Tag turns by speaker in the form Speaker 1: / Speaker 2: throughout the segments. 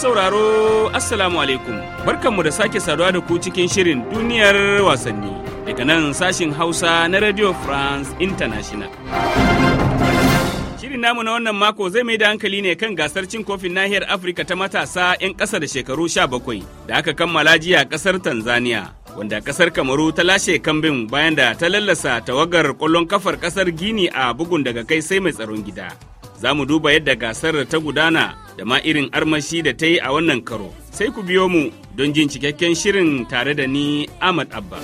Speaker 1: sauraro Assalamu alaikum barkanmu da sake saduwa da ku cikin shirin duniyar wasanni daga nan sashin Hausa na Radio France International. Shirin namu na wannan mako zai mai da hankali ne kan gasar cin kofin nahiyar Afirka ta matasa 'yan ƙasa da shekaru 17 da aka kammala jiya ƙasar Tanzania. Wanda ƙasar Kamaru ta lashe kambin bayan da ta lallasa tawagar kwallon kafar ƙasar Gini a bugun daga kai sai mai tsaron gida. Za mu duba yadda gasar ta gudana da ma irin armashi da ta yi a wannan karo. Sai ku biyo mu don jin cikakken shirin tare da ni Ahmad Abba.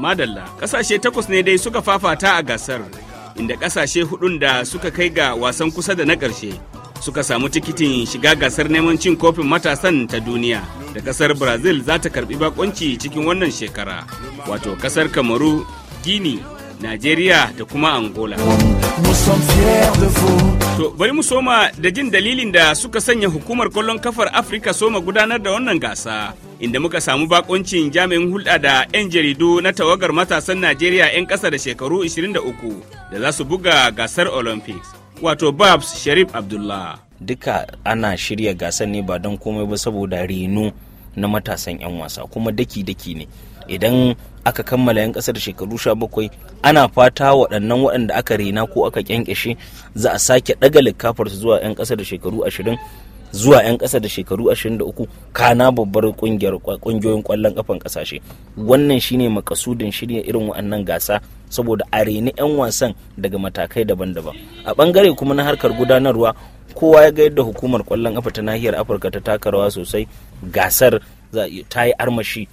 Speaker 1: Madalla, ƙasashe takwas ne dai suka fafata a gasar, inda ƙasashe hudun da suka kai ga wasan kusa da na ƙarshe suka samu tikitin shiga gasar neman cin kofin matasan ta duniya da ƙasar Brazil za ta karbi bakonci cikin wannan shekara, wato ƙasar Kamaru, gini. Najeriya da kuma Angola. To bari mu soma da jin dalilin da suka sanya hukumar kwallon kafar Afirka soma gudanar da wannan gasa. Inda muka samu bakoncin jami'in hulɗa da 'yan jaridu na tawagar matasan Najeriya 'yan ƙasa da shekaru 23 da za su buga gasar Olympics. Wato Babs Sharif Abdullah.
Speaker 2: Duka ana shirya gasar ne ba don komai ba saboda reno na matasan 'yan wasa kuma daki-daki ne. idan aka kammala 'yan ƙasa da shekaru bakwai ana fata waɗannan waɗanda aka rena ko aka kyankyashe za a sake ɗaga su zuwa 'yan kasa da shekaru ashirin zuwa 'yan da shekaru uku kana babbar ƙungiyoyin ƙwallon ƙafan ƙasashe wannan shine makasudin shirya irin waɗannan gasa saboda a reni 'yan wasan daga matakai daban-daban a ɓangare kuma na harkar gudanarwa kowa ya ga yadda hukumar ƙwallon ƙafa ta nahiyar afirka ta taka rawa sosai gasar ta yi armashi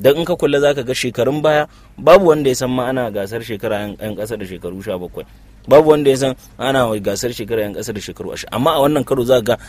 Speaker 2: don in ka kula za ka ga shekarun baya babu wanda ya san ma'ana ana gasar shekara yan kasa da shekaru sha bakwai babu wanda ya san ana gasar shekara yan kasa da shekaru ashirin amma a wannan karo za ga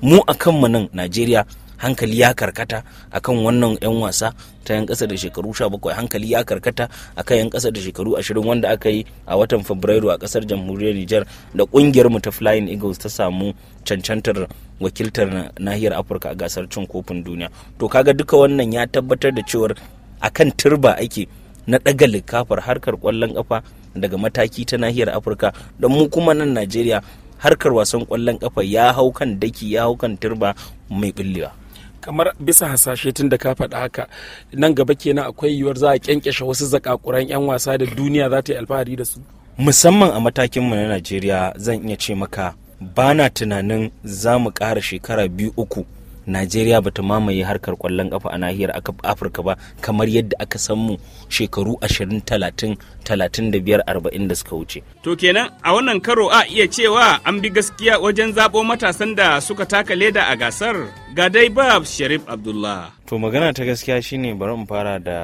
Speaker 2: mu a kanmu nan najeriya hankali ya karkata akan wannan 'yan wasa ta 'yan kasa da shekaru 17 hankali ya karkata akan 'yan kasa da shekaru 20 wanda aka yi a watan fabrairu a kasar jamhuriyar nijar da ƙungiyar mu ta flying eagles ta samu cancantar wakiltar nahiyar afirka a gasar cin kofin duniya to kaga duka wannan ya tabbatar da cewar akan turba ake na ɗaga likafar harkar kwallon kafa daga mataki ta nahiyar afirka don mu kuma nan najeriya harkar wasan kwallon kafa ya hau kan daki ya hau kan turba mai billewa kamar bisa hasashe tun da ka faɗa haka nan gaba kenan akwai yiwuwar za a kyankyashe wasu zakakuran 'yan wasa da duniya za ta yi alfahari da su musamman a matakin mu na najeriya zan iya ce maka ba na tunanin za mu ƙara shekara biyu uku najeriya bata mamaye harkar kwallon kafa a nahiyar afirka ba kamar yadda aka san mu shekaru 20 30 35 40 da suka wuce
Speaker 1: to kenan a wannan karo a iya cewa an bi gaskiya wajen zaɓo matasan da suka taka leda a gasar ga dai bab sharif abdullah
Speaker 2: to magana ta gaskiya shine bari in fara da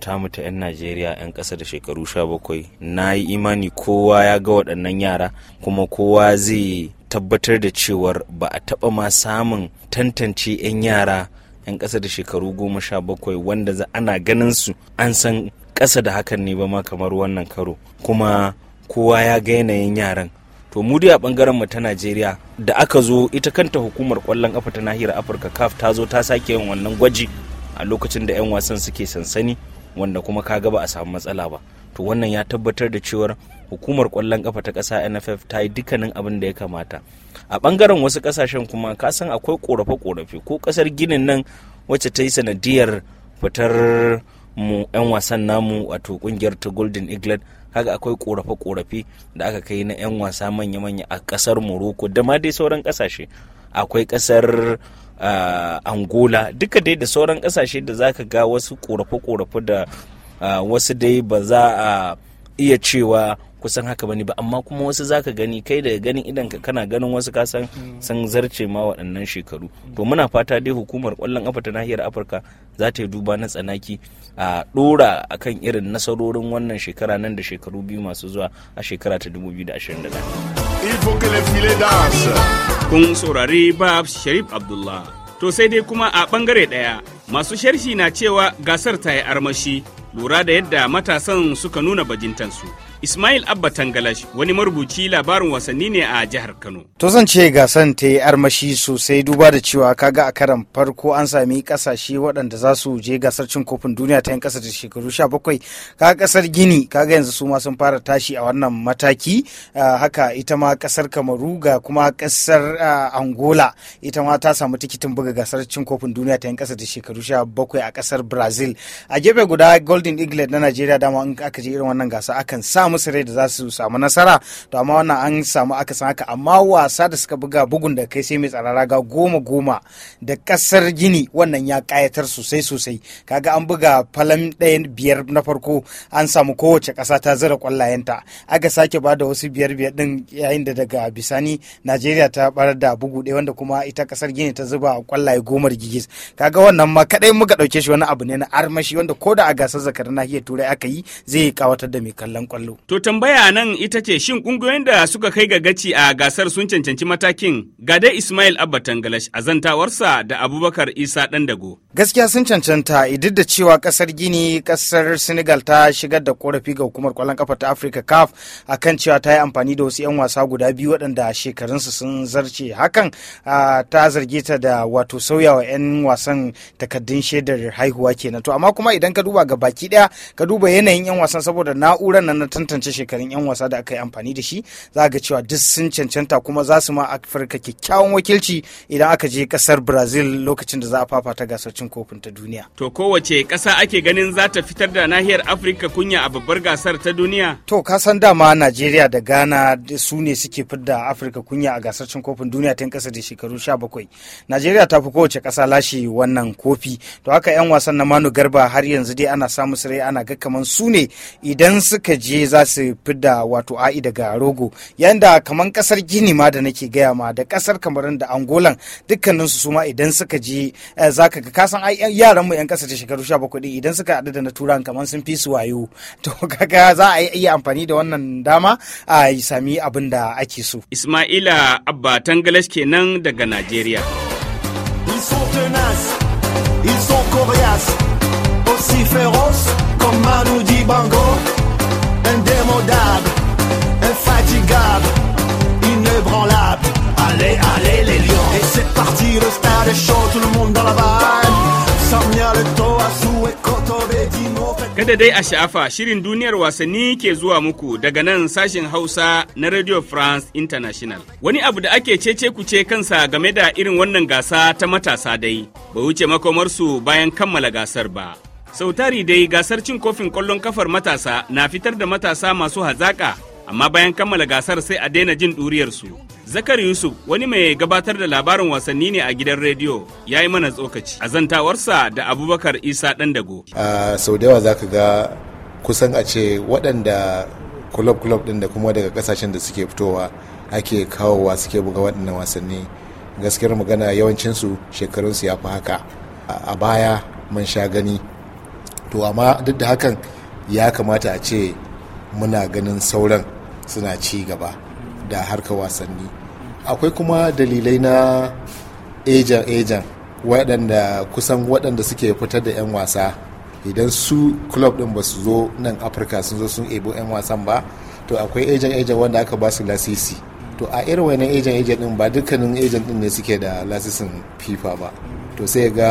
Speaker 2: tamu ta 'yan najeriya 'yan ƙasa da shekaru 17 na yi imani kowa ya ga waɗannan yara kuma kowa zai tabbatar da cewar ba a taɓa ma samun tantance 'yan yara 'yan ƙasa da shekaru goma sha bakwai wanda za ana ganin su an san ƙasa da hakan ne ba ma kamar wannan karo kuma kowa ya ga yanayin yaran to mu dai a ɓangaren mu ta Najeriya da aka zo ita kanta hukumar kwallon kafa ta nahiyar Afirka kaf ta zo ta sake yin wannan gwaji a lokacin da 'yan wasan suke sansani wanda kuma ka ga ba a samu matsala ba to wannan ya tabbatar da cewar hukumar kwallon kafa ta ƙasa nff ta yi dukkanin abin da ya kamata a ɓangaren wasu ƙasashen kuma ka san akwai ƙorafe-ƙorafe ko ƙasar ginin nan wacce ta yi sanadiyar fitar mu 'yan wasan namu wato ƙungiyar ta golden eagle kaga akwai ƙorafe-ƙorafe da aka kai na 'yan wasa manya-manya a ƙasar morocco da ma dai sauran ƙasashe akwai ƙasar ah, angola duka dai da sauran ƙasashe da zaka ga wasu ƙorafe-ƙorafe da Ah, wasu dai ba za a iya cewa kusan haka bane ba amma kuma wasu zaka gani kai daga ganin idan ka kana ganin wasu kasan san zarce ma waɗannan shekaru to muna fata dai hukumar kwallon afa ta nahiyar afirka za ta yi duba na tsanaki a dora akan irin nasarorin wannan shekara nan da shekaru biyu masu zuwa a shekara ta 2021 kun saurari bab
Speaker 1: sharif abdullah to sai dai kuma a bangare ɗaya masu sharhi na cewa gasar ta yi armashi lura da yadda matasan suka nuna bajintansu. Ismail Abba Tangalash wani marubuci labarin wasanni ne a jihar Kano.
Speaker 3: To zan ce gasan ta yi armashi sosai duba da cewa kaga a karan farko an sami kasashe waɗanda za su je gasar cin kofin duniya ta yin ƙasa da shekaru 17 kaga kasar Gini kaga yanzu su ma sun fara tashi a wannan mataki ah, haka ita ma kasar Kamaru ga kuma kasar ah, Angola ita ma ta samu tikitin buga gasar cin kofin duniya ta yin ƙasa da shekaru 17 a kasar Brazil. A gefe guda Golden eagle na Najeriya dama in aka je irin wannan gasa akan samu musu rai da za su samu nasara to amma wannan an samu aka san haka amma wasa da suka buga bugun da kai sai mai tsarara ga goma goma da kasar gini wannan ya kayatar sosai sosai kaga an buga falam ɗaya biyar na farko an samu kowace ƙasa ta zira kwallayenta aka sake ba da wasu biyar biyar din yayin da daga bisani najeriya ta barar da bugu ɗaya wanda kuma ita kasar gini ta zuba kwallaye goma rigigis kaga wannan ma kaɗai muka ɗauke shi wani abu ne na armashi wanda ko da a gasar zakarin nahiyar turai aka yi zai kawatar da mai kallon kwallo
Speaker 1: To tambaya nan ita ce shin kungiyoyin da suka kai ga gaci a gasar sun cancanci matakin ga dai Ismail Abba Tangalash a zantawarsa da Abubakar Isa Dandago.
Speaker 3: Gaskiya sun cancanta idid da cewa kasar Gini kasar Senegal ta shigar da korafi ga hukumar kwallon kafa ta Africa CAF kan cewa ta yi amfani da wasu 'yan wasa guda biyu waɗanda shekarunsu sun zarce hakan ta zarge ta da wato sauyawa 'yan wasan takaddun shaidar haihuwa kenan to amma kuma idan ka duba ga baki ɗaya ka duba yanayin 'yan wasan saboda na'urar nan na tantance shekarun 'yan wasa da aka yi amfani da shi za ga cewa duk sun cancanta kuma za su ma afirka kyakkyawan wakilci idan aka je kasar brazil lokacin da za a fafata gasar cin kofin ta duniya
Speaker 1: to kowace kasa ake ganin za ta fitar da nahiyar afirka kunya a babbar gasar ta duniya
Speaker 3: to ka san dama najeriya da ghana su ne suke fidda afirka kunya a gasar cin kofin duniya tun kasa da shekaru 17 najeriya ta fi kowace kasa lashe wannan kofi to haka 'yan wasan na manu garba har yanzu dai ana samu rai ana ga kamar su ne idan suka je za su fidda wato a'i daga rogo yayin da kamar kasar gini ma da nake gaya ma da kasar kamarin da angolan dukkanin su suma idan suka je eh, za ka ga kasan yaran mu yan kasar ta shekaru 17 idan suka haɗu da na turan kamar sun fi su wayo to kaga za a iya amfani da wannan dama a sami abin da ake so
Speaker 1: Ismaila Abba Tangalash kenan daga Najeriya
Speaker 3: Ils sont coriaces, aussi féroces comme Manu Dibango. indémodable, infatigable, inébranlable. Allez, allez les lions. Et c'est parti, le stade est chaud, tout le monde dans la balle.
Speaker 1: Kada dai a sha'afa shirin duniyar wasanni ke zuwa muku daga nan sashen Hausa na Radio France International. Wani abu da ake cece kuce kansa game da irin wannan gasa ta matasa dai, bai wuce makomarsu bayan kammala gasar ba. sau tari dai gasar cin kofin ƙwallon kafar matasa na fitar da matasa masu hazaƙa, amma bayan kammala gasar sai a daina jin ɗuriyarsu. Zakar Yusuf wani mai gabatar da labarin wasanni ne a gidan rediyo ya yi mana tsokaci a zantawarsa da Abubakar Isa ɗan dago.
Speaker 4: sau da yawa za ka ga kusan a ce waɗanda kulob kulob ɗin da kuma daga ƙasashen da suke fitowa ake kawowa suke buga waɗannan wasanni gaskiyar magana yawancinsu shekarunsu ya fi haka a baya mun sha gani to amma duk da hakan ya kamata a ce muna ganin sauran suna ci gaba da harka wasanni akwai kuma dalilai na ejan ejan waɗanda kusan waɗanda suke fitar da 'yan wasa idan su club ɗin ba su zo nan afirka sun zo sun ebo 'yan wasan ba to akwai ejan ejan wanda aka ba su lasisi to a irin wani ejan ejan ɗin ba dukkanin ejan ɗin ne suke da lasisin fifa ba to sai ga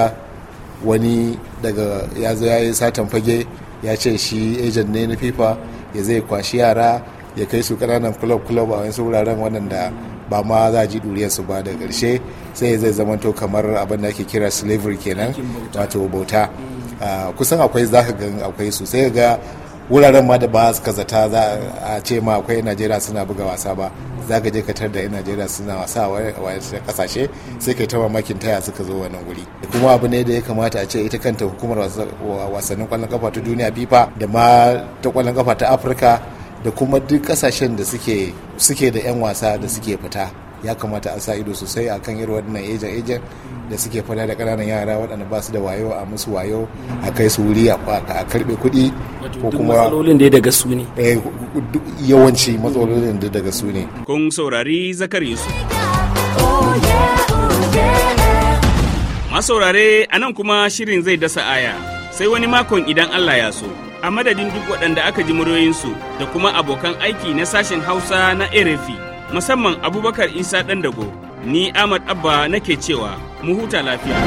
Speaker 4: wani daga ya zo ya yi satan fage ya ce shi ejan ne na fifa ya zai kwashi yara ya kai su kananan club club a wasu wuraren waɗanda ba ma za a ji su ba da ƙarshe sai zai zamanto kamar abin da ake kira slavery kenan wato bauta ah, kusan akwai zaka ga akwai su sai ga wuraren ma da ba su zata za a ce ma akwai najeriya suna buga wasa ba za ka je ka tar da yan najeriya suna wasa a wajen kasashe sai ka ta mamakin taya suka zo wannan wuri kuma abu ne da ya kamata a ce ita kanta hukumar wasannin kwallon kafa ta duniya fifa da ma ta kwallon kafa ta afirka da kuma duk kasashen da suke da 'yan wasa da suke fita ya kamata a sa ido sosai a kan irin waɗannan ejen ejen da suke fada da ƙananan yara waɗanda ba su da wayo a musu wayo a kai su wuri a karɓe kuɗi ko kuma matsalolin da daga su ne eh, yawanci matsalolin da daga su ne
Speaker 1: kun saurari zakar su masaurare a nan kuma shirin zai dasa aya sai wani makon idan Allah ya so a madadin duk waɗanda aka ji muryoyinsu da kuma abokan aiki na sashen hausa na erefi musamman abubakar isa ɗan dago ni ahmad abba nake cewa mu huta lafiya